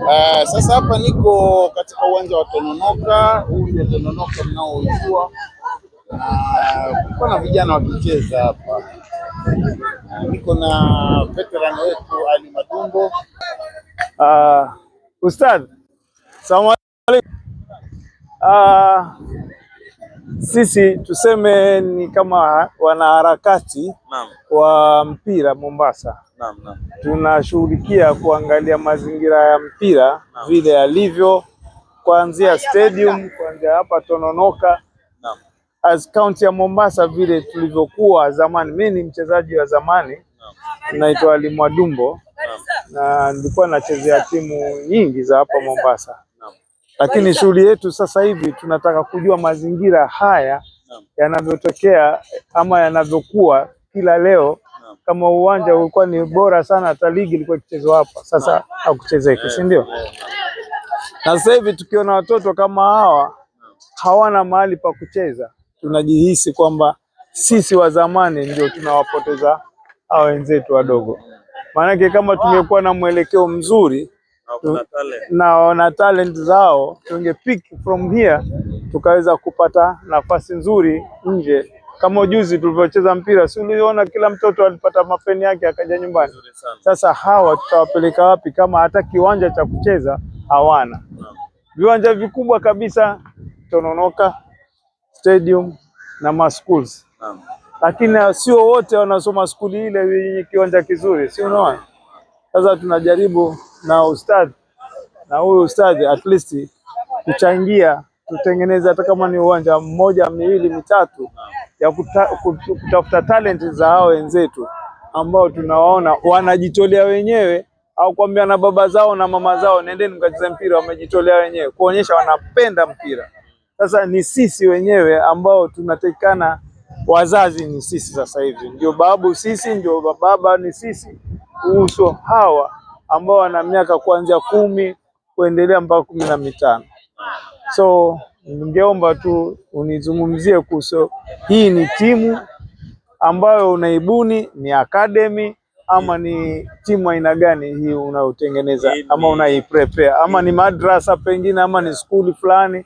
Uh, sasa hapa niko katika uwanja wa Tononoka. Huu ndio Tononoka mnaoujua. Uh, na vijana wakicheza hapa. Eh, niko na veteran wetu Ali Madumbo. Uh, Ustadh, salamu alaykum. Uh, ah, sisi tuseme ni kama wanaharakati wa mpira Mombasa. Naam, naam. Tunashughulikia kuangalia mazingira ya mpira naam, vile yalivyo kuanzia stadium kuanzia hapa Tononoka naam. As kaunti ya Mombasa vile tulivyokuwa zamani, mimi ni mchezaji wa zamani naitwa Ali Mwadumbo na nilikuwa nachezea timu nyingi za hapa Mombasa. Lakini shughuli yetu sasa hivi tunataka kujua mazingira haya yanavyotokea ama yanavyokuwa kila leo kama uwanja ulikuwa ni bora sana, hata ligi ilikuwa ikichezwa hapa, sasa hakuchezeki, si ndio? Eh, eh. Na sasa hivi tukiona watoto kama hawa hawana mahali pa kucheza, tunajihisi kwamba sisi wa zamani ndio tunawapoteza hawa wenzetu wadogo. Maanake kama tungekuwa na mwelekeo mzuri na wana talent zao, tunge pick from here tukaweza kupata nafasi nzuri nje. Kama juzi tulivyocheza mpira, si uliona kila mtoto alipata mapeni yake akaja nyumbani. Sasa hawa tutawapeleka wapi kama hata kiwanja cha kucheza hawana? Viwanja vikubwa kabisa Tononoka Stadium na ma schools lakini sio wote wanasoma skuli ile yenye kiwanja kizuri, si unaona? Sasa tunajaribu na ustadhi na huyu ustadhi at least kuchangia tutengeneze hata kama ni uwanja mmoja miwili mitatu ya kuta, kutafuta talenti za hao wenzetu ambao tunawaona wanajitolea wenyewe, au kuambia na baba zao na mama zao, nendeni mkacheze mpira. Wamejitolea wenyewe kuonyesha wanapenda mpira. Sasa ni sisi wenyewe ambao tunatekana, wazazi ni sisi sasa hivi, ndio babu sisi, ndio baba ni sisi, kuhusu hawa ambao wana miaka kuanzia kumi kuendelea mpaka kumi na mitano. So ningeomba tu unizungumzie kuhusu hii, ni timu ambayo unaibuni, ni academy ama ni timu aina gani hii unayotengeneza ama unaiprepare ama ni madrasa pengine ama ni skuli fulani?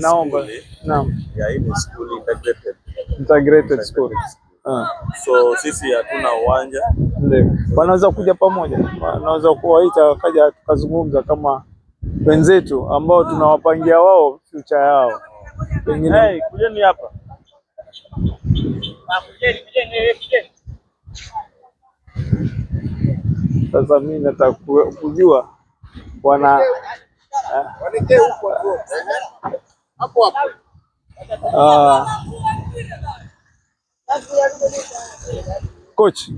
Naomba eh? naam, Ya, hii ni skuli integrated, integrated school. So sisi hatuna uwanja. Ndio. Wanaweza kuja pamoja, wanaweza kuwaita wakaja tukazungumza kama wenzetu ambao tunawapangia wao future yao. Pengine hey, kujeni hapa. Ah, Sasa mi nataka kujua wana hapo Ah. Coach,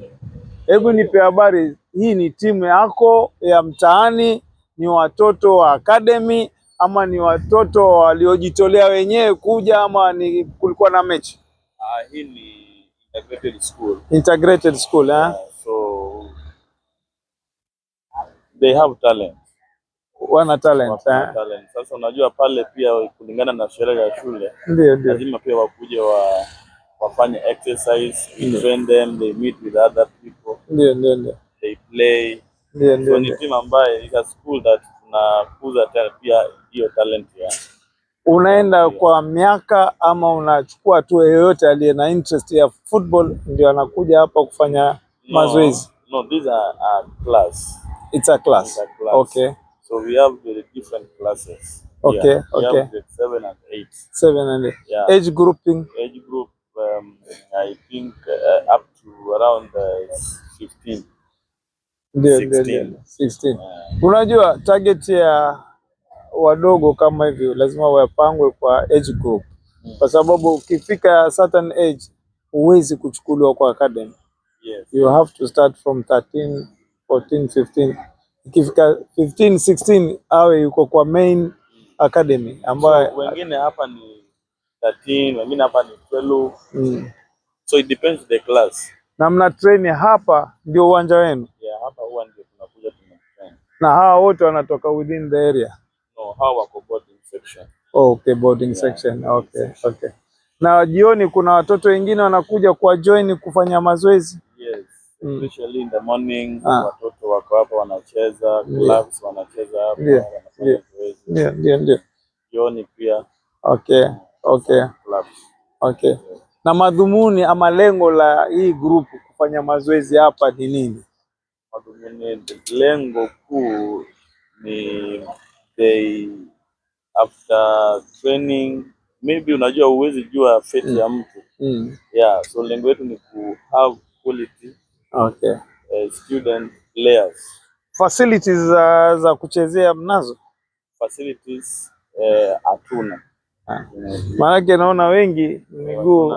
hebu nipe habari, hii ni timu yako ya mtaani? Ni watoto wa academy ama ni watoto waliojitolea wenyewe kuja ama ni kulikuwa na mechi? Uh, hii ni integrated school. Integrated school, eh? So they have talent. Wana talent, eh? Talent. Sasa unajua pale pia kulingana na sherehe ya shule ndio, ndio. Lazima pia wakuje wa wafanye exercise, we train them, they meet with other people. Ndio, ndio, ndio. They play. Ndio, ndio. So ni team ambaye a school that tunakuza pia hiyo talent ya. Unaenda kwa miaka ama unachukua tu yeyote aliye na interest ya football ndio anakuja hapa kufanya mazoezi. No, these are a class. It's a class. It's a class. Okay. So we have very different classes. Okay, yeah. okay. We have the 7 and 8. 7 and 8. Yeah. Age grouping. Age group um, I think uh, up to around uh, 15 16. ndio ndio 16. Unajua target ya wadogo kama hivi lazima wapangwe kwa age group, mm. kwa sababu ukifika certain age huwezi kuchukuliwa kwa academy. Yes. You have to start from 13, 14, 15. Ikifika 15, 16 awe yuko kwa main academy ambayo so, wengine hapa ni 13, wengine hapa ni 12. Mm. So it depends the class. Na mna train hapa ndio uwanja wenu? Yeah, hapa huwa ndio tunakuja tunatrain. Na hawa wote wanatoka within the area? No, hawa wako boarding section. Oh, okay, boarding yeah, section. Okay, okay. Na jioni kuna watoto wengine wanakuja kwa join kufanya mazoezi? Yes. Mm. Especially in the morning, ah. Watoto wako hapa wanacheza, clubs yeah. wanacheza hapa, yeah. wanafanya mazoezi. Ndio, ndio, ndio. Jioni pia. Okay. Yeah. Okay. Clubs. Okay. Na madhumuni ama lengo la hii group kufanya mazoezi hapa ni nini? Madhumuni, lengo kuu ni they after training maybe, unajua huwezi jua fate mm. ya mtu mm. yeah, so lengo letu ni ku have quality okay. Uh, student players. Facilities uh, za kuchezea mnazo? Facilities uh, hatuna mm. Maanake naona wengi miguu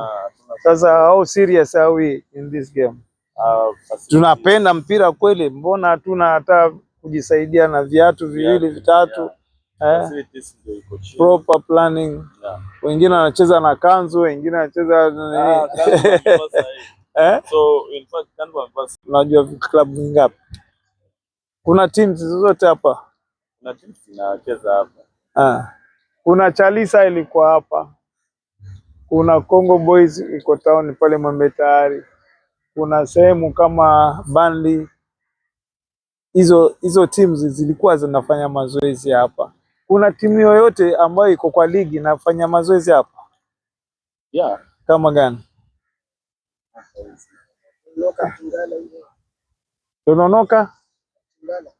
sasa, how serious are we in this game? Uh, tunapenda mpira kweli, mbona hatuna hata kujisaidia na viatu viwili vitatu yeah. Eh, proper planning yeah. Wengine wanacheza na kanzu, wengine wanacheza na ah, eh? So in fact kanzu unajua club ngapi? Kuna teams zozote hapa, kuna teams zinacheza hapa ah kuna Chalisa ilikuwa hapa, kuna Congo Boys iko town pale Mwembe Tayari, kuna sehemu kama Bandi. Hizo hizo teams zilikuwa zinafanya mazoezi hapa. Kuna timu yoyote ambayo iko kwa ligi inafanya mazoezi hapa? Yeah. Kama gani? Tononoka.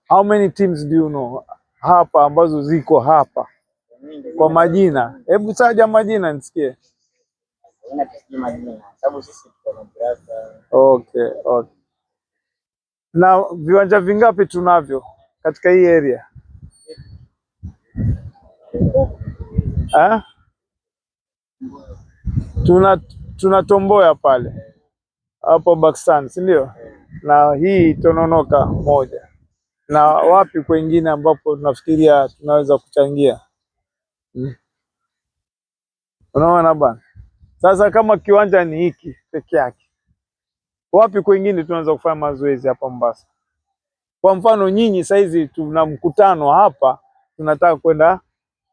How many teams do you know hapa ambazo ziko hapa? kwa majina. Hebu taja majina nisikie. Okay, okay. Na viwanja vingapi tunavyo katika hii area? Ha? Tuna tunatomboya pale hapo Bakstan, si ndio? Na hii Tononoka moja, na wapi kwengine ambapo tunafikiria tunaweza kuchangia? mm. Unaona bwana, sasa kama kiwanja ni hiki peke yake, wapi kwingine tunaweza kufanya mazoezi hapa Mombasa? Kwa mfano nyinyi saizi tuna mkutano hapa, tunataka kwenda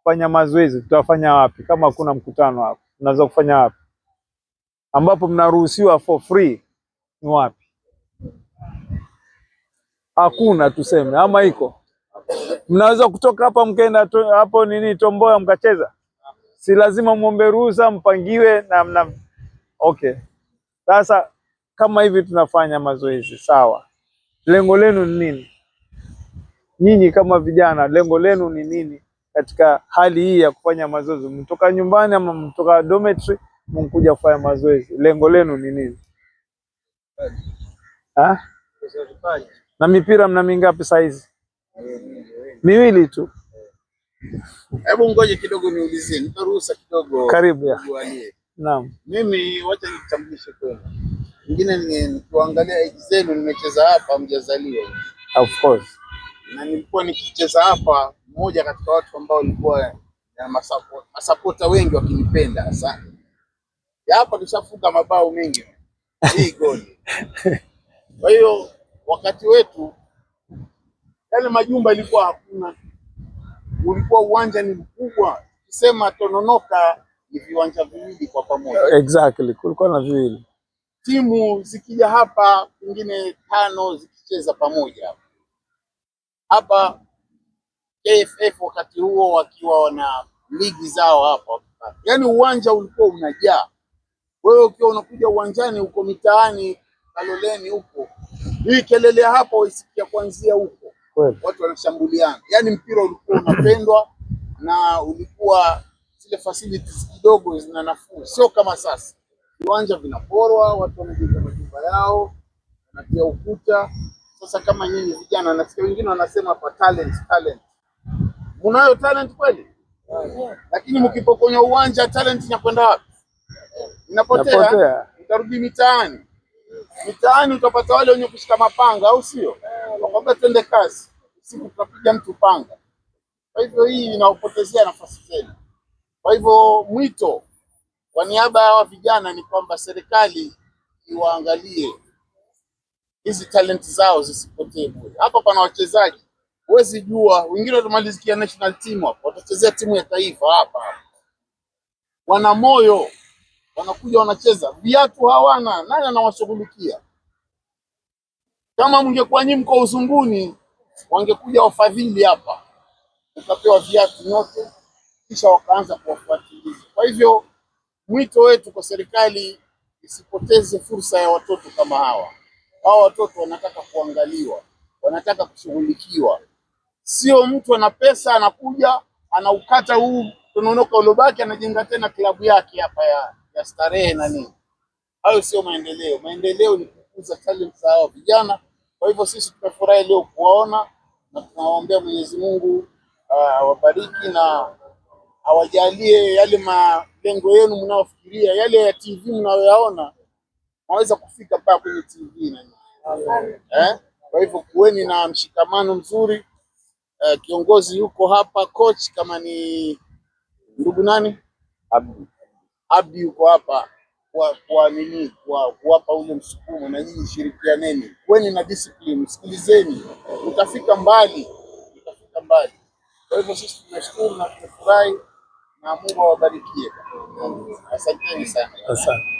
fanya mazoezi, tutafanya wapi kama kuna mkutano hapa? Tunaweza kufanya wapi ambapo mnaruhusiwa for free? Ni wapi? Hakuna tuseme, ama iko Mnaweza kutoka hapa mkaenda hapo nini Tomboya mkacheza, si lazima muombe ruhusa, mpangiwe na mna okay. Sasa kama hivi tunafanya mazoezi sawa, lengo lenu ni nini? Nyinyi kama vijana, lengo lenu ni nini katika hali hii ya kufanya mazoezi? Mtoka nyumbani ama mtoka dormitory mkuja kufanya mazoezi, lengo lenu ni nini? Ha? na mipira mna mingapi saizi? miwili tu. Hebu ngoje kidogo niulizie, nipe ruhusa kidogo. Karibu ya. Naam. Mimi wacha nitambulishe kwenu. Ingine ni age zenu, nimecheza hapa mjazaliwa. Of course. Na nilikuwa nikicheza hapa, mmoja katika watu ambao walikuwa na masapota wengi wakinipenda sana. Ya hapa tushafunga mabao mengi. Hii goli. Kwa hiyo wakati wetu yale majumba ilikuwa hakuna, ulikuwa uwanja ni mkubwa, kisema Tononoka ni viwanja viwili kwa pamoja. Exactly, kulikuwa na viwili, timu zikija hapa pengine tano zikicheza pamoja hapa KFF wakati huo wakiwa wana ligi zao hapa, yaani uwanja ulikuwa unajaa. Wewe ukiwa unakuja uwanjani, uko mitaani Kaloleni huko, hii kelele hapa waisikia kuanzia huko watu wanashambuliana. Yani mpira ulikuwa unapendwa na ulikuwa zile facilities kidogo zina nafuu, sio kama sasa, viwanja vinaporwa, watu wanajenga majumba yao, wanatia ukuta. Sasa kama nyinyi vijana, nasikia wengine wanasema kwa talent, talent. Munayo talent kweli? Yeah. Lakini mkipokonywa uwanja talent inakwenda wapi? Inapotea, utarudi mitaani. Mitaani utapata wale wenye kushika mapanga, au sio? Eh, kwamba twende kazi, siku tukapiga mtu panga. Kwa hivyo hii inaopotezea nafasi zenu. Kwa hivyo mwito kwa niaba ya vijana ni kwamba serikali iwaangalie hizi talenti zao zisipotee bure. Hapa pana wachezaji, huwezi jua, wengine watamalizikia national team hapa, watachezea timu ya taifa hapa hapa, wana moyo, wanakuja wanacheza, viatu hawana, nani anawashughulikia? Kama mngekuwa nyinyi mko uzunguni, wangekuja wafadhili hapa, ukapewa viatu nyote, kisha wakaanza kuwafuatilia. Kwa hivyo mwito wetu kwa serikali isipoteze fursa ya watoto kama hawa. Hawa watoto wanataka kuangaliwa, wanataka kushughulikiwa. Sio mtu ana pesa anakuja anaukata huu tunaonoka ulobaki, anajenga tena klabu yake hapa ya, ya starehe na nini. Hayo sio maendeleo. Maendeleo ni kukuza talent za hawa vijana. Kwa hivyo sisi tumefurahi leo kuwaona na tunawaombea Mwenyezi Mungu ah, awabariki na awajalie yale malengo yenu mnayofikiria, yale ya TV mnayoyaona naweza kufika mpaka kwenye TV na eh? Kwa hivyo kuweni na mshikamano mzuri eh, kiongozi yuko hapa, coach kama ni ndugu nani Abdi, Abdi yuko hapa kwa kuwapa ule msukumo, na nyinyi shirikianeni, kweni na discipline, msikilizeni, utafika mbali, utafika mbali. Kwa hivyo sisi tunashukuru na tumefurahi na Mungu awabarikie. Asanteni sana. Asante.